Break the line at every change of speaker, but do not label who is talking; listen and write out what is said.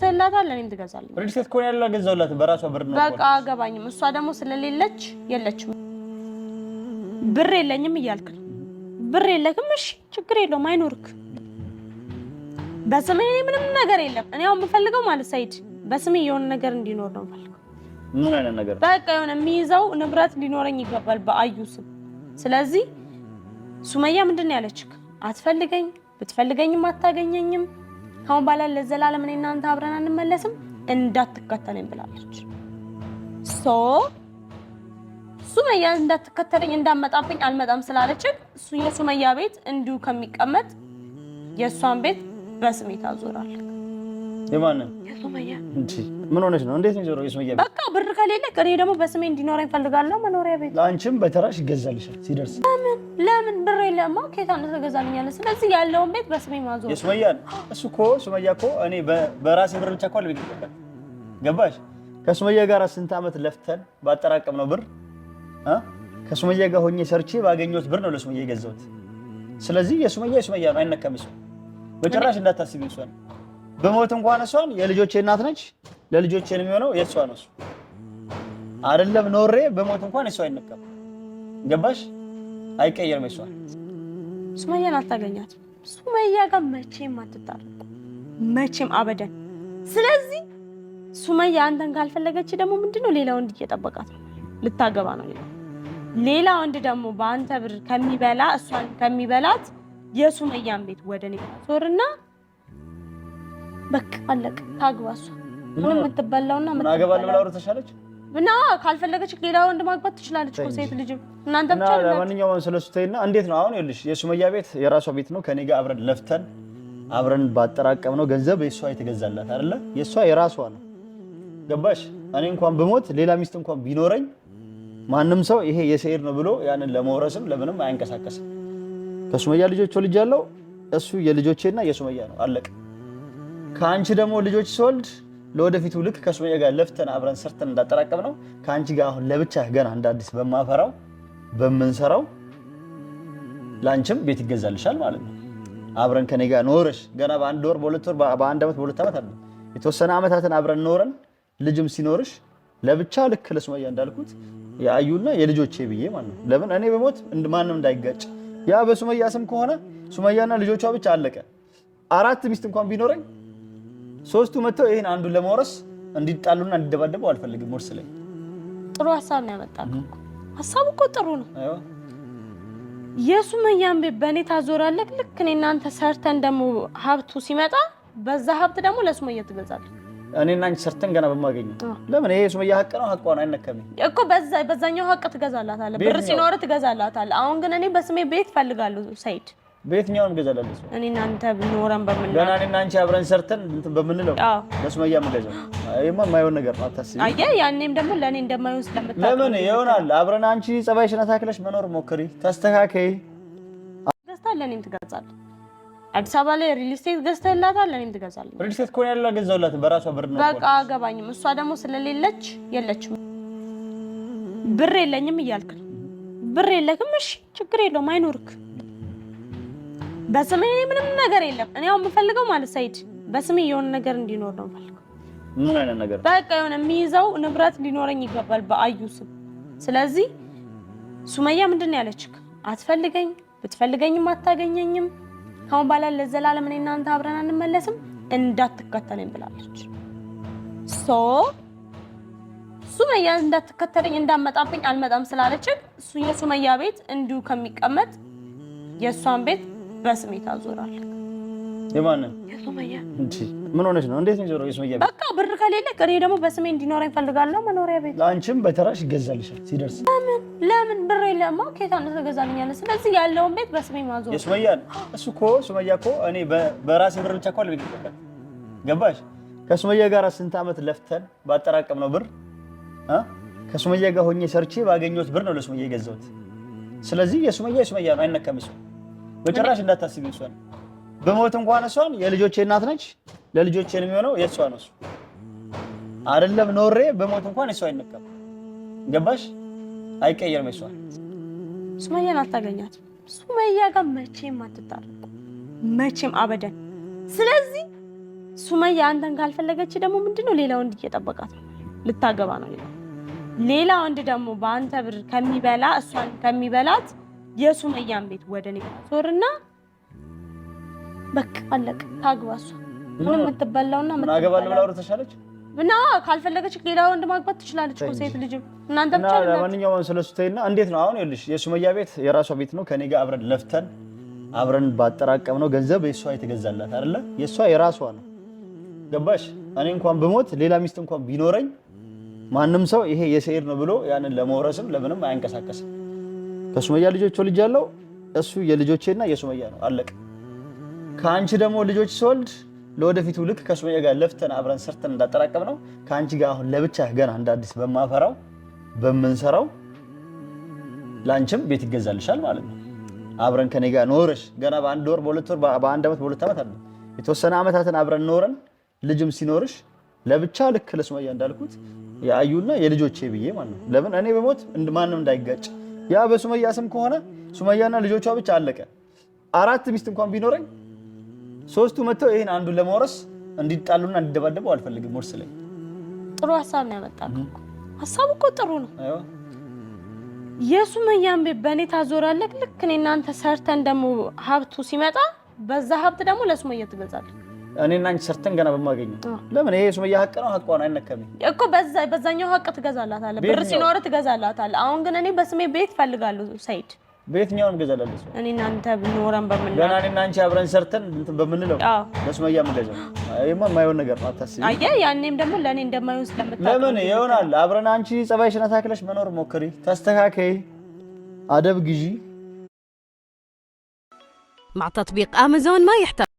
ትገዛላታል እኔም ትገዛለች።
ፕሪንሴስ ኮን ያለው አልገዛሁላትም በራሷ ብር ነው።
በቃ አገባኝም። እሷ ደግሞ ስለሌለች የለችም፣ ብር የለኝም እያልክ ነው። ብር የለክም? እሺ ችግር የለውም አይኖርክ። በስሜ ምንም ነገር የለም። እኔ አሁን የምፈልገው ማለት ሳይድ በስሜ የሆነ ነገር እንዲኖር ነው የምፈልገው። ምን አይነት ነገር? በቃ የሆነ የሚይዘው ንብረት ሊኖረኝ ይገባል በአዩ ስም። ስለዚህ ሱመያ ምንድን ነው ያለችክ? አትፈልገኝ፣ ብትፈልገኝም አታገኘኝም ካሁን በኋላ ለዘላለም እኔ እናንተ አብረን አንመለስም እንዳትከተለኝ ብላለች። ሶ ሱመያ እንዳትከተለኝ እንዳመጣብኝ አልመጣም ስላለችን የሱመያ ቤት እንዲሁ ከሚቀመጥ የእሷን ቤት በስሜት አዞራል።
የማንን ምን ሆነሽ ነው? እንዴት ነው ጆሮ? የሱመያ ቤት
በቃ ብር ከሌለ እኔ ደግሞ በስሜ እንዲኖረኝ እፈልጋለሁ መኖሪያ ቤት።
ለአንቺም በተራሽ ይገዛልሻል ሲደርስ።
ለምን ለምን ብር የለማ ኬታ ተገዛልኛለ። ስለዚህ ያለውን ቤት በስሜ ማዞር
የሱመያ እሱ እኮ ሱመያ እኮ እኔ በራሴ ብር ብቻ እኮ ገባሽ? ከሱመያ ጋር ስንት ዓመት ለፍተን ባጠራቀም ነው ብር ከሱመያ ጋር ሆኜ ሰርቼ ባገኘሁት ብር ነው ለሱመያ የገዛሁት። ስለዚህ የሱመያ የሱመያ ነው አይነካም። እሱ በጭራሽ እንዳታስቢ እሷን በሞት እንኳን እሷን የልጆቼ እናት ነች፣ ለልጆቼ የሚሆነው የእሷ ነው። አይደለም ኖሬ በሞት እንኳን የእሷ አይነቀም። ገባሽ? አይቀየርም። የእሷ
ሱመያን አታገኛት። ሱመያ ጋር መቼም አትታረቁ፣ መቼም አበደን። ስለዚህ ሱመያ አንተን ካልፈለገች ደግሞ ምንድነው ሌላ ወንድ እየጠበቃት ነው፣ ልታገባ ነው። ሌላ ሌላ ወንድ ደግሞ በአንተ ብር ከሚበላ እሷን ከሚበላት የሱመያን ቤት ወደ እኔ ዞርና በቃ አለቀ። ታግባ እሷ ምንም የምትበላውና
ምናገባለ ብላ ተሻለች
እና ካልፈለገች ሌላ ወንድ ማግባት ትችላለች። ሴት ልጅ እናንተ ብቻ
ለማንኛውም ስለሱ ተይና፣ እንዴት ነው አሁን ይልሽ የሱመያ ቤት የራሷ ቤት ነው። ከኔ ጋር አብረን ለፍተን አብረን ባጠራቀም ነው ገንዘብ የእሷ የተገዛላት አይደለ? የእሷ የራሷ ነው። ገባሽ? እኔ እንኳን ብሞት ሌላ ሚስት እንኳን ቢኖረኝ ማንም ሰው ይሄ የሰይድ ነው ብሎ ያንን ለመውረስም ለምንም አይንቀሳቀስም። ከሱመያ ልጆች ልጅ ያለው እሱ የልጆቼና የሱመያ ነው። አለቀ። ከአንቺ ደግሞ ልጆች ስወልድ ለወደፊቱ ልክ ከሱመያ ጋር ለፍተን አብረን ሰርተን እንዳጠራቀም ነው ከአንቺ ጋር አሁን ለብቻ ገና እንደ አዲስ በማፈራው በምንሰራው ለአንቺም ቤት ይገዛልሻል ማለት ነው። አብረን ከኔ ጋር ኖረሽ ገና በአንድ ወር በሁለት ወር በአንድ ዓመት በሁለት ዓመት አለ የተወሰነ ዓመታትን አብረን ኖረን ልጅም ሲኖርሽ ለብቻ ልክ ለሱመያ እንዳልኩት የአዩና የልጆቼ ብዬ ማለት ነው። ለምን እኔ በሞት ማንም እንዳይጋጭ ያ በሱመያ ስም ከሆነ ሱመያና ልጆቿ ብቻ አለቀ። አራት ሚስት እንኳን ቢኖረኝ ሶስቱ መጥተው ይህን አንዱን ለማውረስ እንዲጣሉና እንዲደባደቡ አልፈልግም። ውርስ ላይ
ጥሩ ሀሳብ ነው ያመጣልኩ። ሀሳቡ እኮ ጥሩ ነው። የሱመያን ቤት በእኔ ታዞራለህ። ልክ እኔ እናንተ ሰርተን ደግሞ ሀብቱ ሲመጣ በዛ ሀብት ደግሞ ለሱመያ ትገዛለህ።
እኔ እና አንቺ ሰርተን ገና በማገኘው ለምን ይሄ ሱመያ ሀቅ ነው፣ ሀቋን አይነካም
እኮ በዛ በዛኛው ሀቅ ትገዛላታለህ፣ ብር ሲኖር ትገዛላታለህ። አሁን ግን እኔ በስሜ ቤት ፈልጋለሁ ሰይድ
በየትኛውም ገዛላለ
እኔ እናንተ ብንኖረን በምንለው
ገና እኔ እና አንቺ አብረን ሰርተን በምንለው ለሱመያ የምገዛው ይሄማ የማይሆን ነገር ነው። አታስቢ።
አየህ፣ ያኔም ደግሞ ለእኔ እንደማይሆን ስለምታውቅ
ለምን ይሆናል? አብረን አንቺ ጸባይሽን አታክለሽ መኖር ሞክሪ፣ ተስተካከይ።
ገዝታ ለእኔም ትገዛለህ። አዲስ አበባ ላይ ሪል ስቴት ገዝተህላታል፣ ለእኔም ትገዛለህ።
ሪል ስቴት ከሆነ ያለው ገዛውላት በራሷ ብር ነው።
በቃ አገባኝም። እሷ ደግሞ ስለሌለች የለችም፣ ብር የለኝም እያልክ ነው። ብር የለክም። እሺ ችግር የለውም፣ አይኖርክ በስሜ ምንም ነገር የለም። እኔ አሁን የምፈልገው ማለት ሳይድ በስሜ የሆነ ነገር እንዲኖር ነው የምፈልገው። ምን አይነት ነገር? በቃ የሆነ የሚይዘው ንብረት ሊኖረኝ ይገባል በአዩ ስም። ስለዚህ ሱመያ ምንድን ነው ያለች? አትፈልገኝ፣ ብትፈልገኝም አታገኘኝም። ካሁን በኋላ ለዘላለም እኔ እናንተ አብረን አንመለስም፣ እንዳትከተለኝ ብላለች። ሶ ሱመያ እንዳትከተለኝ እንዳመጣብኝ አልመጣም ስላለችን የሱመያ ቤት እንዲሁ ከሚቀመጥ የእሷን ቤት በስሜት አዞራል።
የማንን ምን ሆነች ነው? እንዴት ነው የሱመያ ቤት?
በቃ ብር ከሌለ እኔ ደግሞ በስሜ እንዲኖረኝ እፈልጋለሁ መኖሪያ ቤት።
ለአንቺም በተራሽ ይገዛልሻል ሲደርስ።
ለምን ለምን ብር የለማ ከየት አንተ ትገዛልኛለህ? ስለዚህ ያለውን ቤት በስሜ ማዞር
የሱመያ እሱ እኮ ሱመያ እኮ እኔ በራሴ ብር ብቻ ኳ ለቤት ይገባል። ገባሽ? ከሱመያ ጋር ስንት ዓመት ለፍተን ባጠራቀም ነው ብር እ ከሱመያ ጋር ሆኜ ሰርቼ ባገኘሁት ብር ነው ለሱመያ የገዛሁት። ስለዚህ የሱመያ የሱመያ ነው አይነካም። በጭራሽ እንዳታስቢ እሷን በሞት እንኳን እሷን የልጆቼ እናት ነች። ለልጆቼ የሚሆነው የእሷ ነው። እሱ አይደለም ኖሬ በሞት እንኳን የእሷ አይነካም። ገባሽ? አይቀየርም። የእሷ
ሱመያን አታገኛት። ሱመያ ጋር መቼም አትታረቁ፣ መቼም አበደን። ስለዚህ ሱመያ አንተን ካልፈለገች ደግሞ ምንድነው ሌላ ወንድ እየጠበቃት ልታገባ ነው። ሌላ ወንድ ደግሞ በአንተ ብር ከሚበላ እሷን ከሚበላት የሱመያን ቤት ወደ እኔ ዞርና በቃ አለቀ። ታግባ እሷ ምንም የምትበላውና
ምናገባል ብላ ተሻለች።
እና ካልፈለገች ሌላ ወንድ ማግባት ትችላለች እኮ ሴት ልጅ። እናንተ ብቻ ነው።
ለማንኛውም ስለሱ ተይና፣ እንዴት ነው አሁን? ይኸውልሽ የሱመያ ቤት የራሷ ቤት ነው። ከኔ ጋር አብረን ለፍተን አብረን ባጠራቀም ነው ገንዘብ የእሷ የተገዛላት አይደለ? የእሷ የራሷ ነው። ገባሽ? እኔ እንኳን ብሞት ሌላ ሚስት እንኳን ቢኖረኝ ማንም ሰው ይሄ የሰኢድ ነው ብሎ ያንን ለመውረስም ለምንም አያንቀሳቀስም። ከሱመያ ልጆች ወልጅ ያለው እሱ የልጆቼና የሱመያ ነው። አለቀ። ከአንቺ ደግሞ ልጆች ስወልድ ለወደፊቱ ልክ ከሱመያ ጋር ለፍተን አብረን ሰርተን እንዳጠራቀም ነው ከአንቺ ጋር አሁን ለብቻ ገና እንደ አዲስ በማፈራው በምንሰራው ለአንቺም ቤት ይገዛልሻል ማለት ነው። አብረን ከኔ ጋር ኖረሽ ገና በአንድ ወር በሁለት ወር በአንድ ዓመት በሁለት ዓመት አለ የተወሰነ ዓመታትን አብረን ኖረን ልጅም ሲኖርሽ ለብቻ ልክ ለሱመያ እንዳልኩት የአዩና የልጆቼ ብዬ ማለት ነው። ለምን እኔ በሞት ማንም እንዳይጋጭ ያ በሱመያ ስም ከሆነ ሱመያና ልጆቿ ብቻ አለቀ። አራት ሚስት እንኳን ቢኖረኝ ሶስቱ መጥተው ይሄን አንዱን ለመውረስ እንዲጣሉና እንዲደባደቡ አልፈልግም። ወርስ ላይ
ጥሩ ሀሳብ ነው ያመጣ። ሀሳቡ እኮ ጥሩ ነው። የሱመያን ቤት በእኔ ታዞራለህ። ልክ እኔ እናንተ ሰርተን ደግሞ ሀብቱ ሲመጣ በዛ ሀብት ደግሞ ለሱመያ ትገዛለህ።
እኔና አንቺ ሰርተን ገና በማገኘው ለምን ይሄ ሱመያ ሀቅ ነው፣ ሀቋን አይነካም
እኮ በዛ በዛኛው ሀቅ ትገዛላታለህ፣ ብር ሲኖር ትገዛላታለህ። አሁን ግን እኔ በስሜ ቤት እፈልጋለሁ ሰይድ
በየትኛውም ገዛላለሁ።
እኔ እናንተ ብንኖረን በምንለው
ገና እኔና አንቺ አብረን ሰርተን በምንለው ለሱመያ የምንገዛው ይሄማ የማይሆን ነገር ነው። አታስቢ።
አየህ፣ ያኔም ደግሞ ለእኔ እንደማይሆን ስለምታውቅ
ለምን ይሆናል። አብረን አንቺ መኖር ሞክሪ፣ ተስተካከይ፣ አደብ ግዢ مع تطبيق امازون ما يحتاج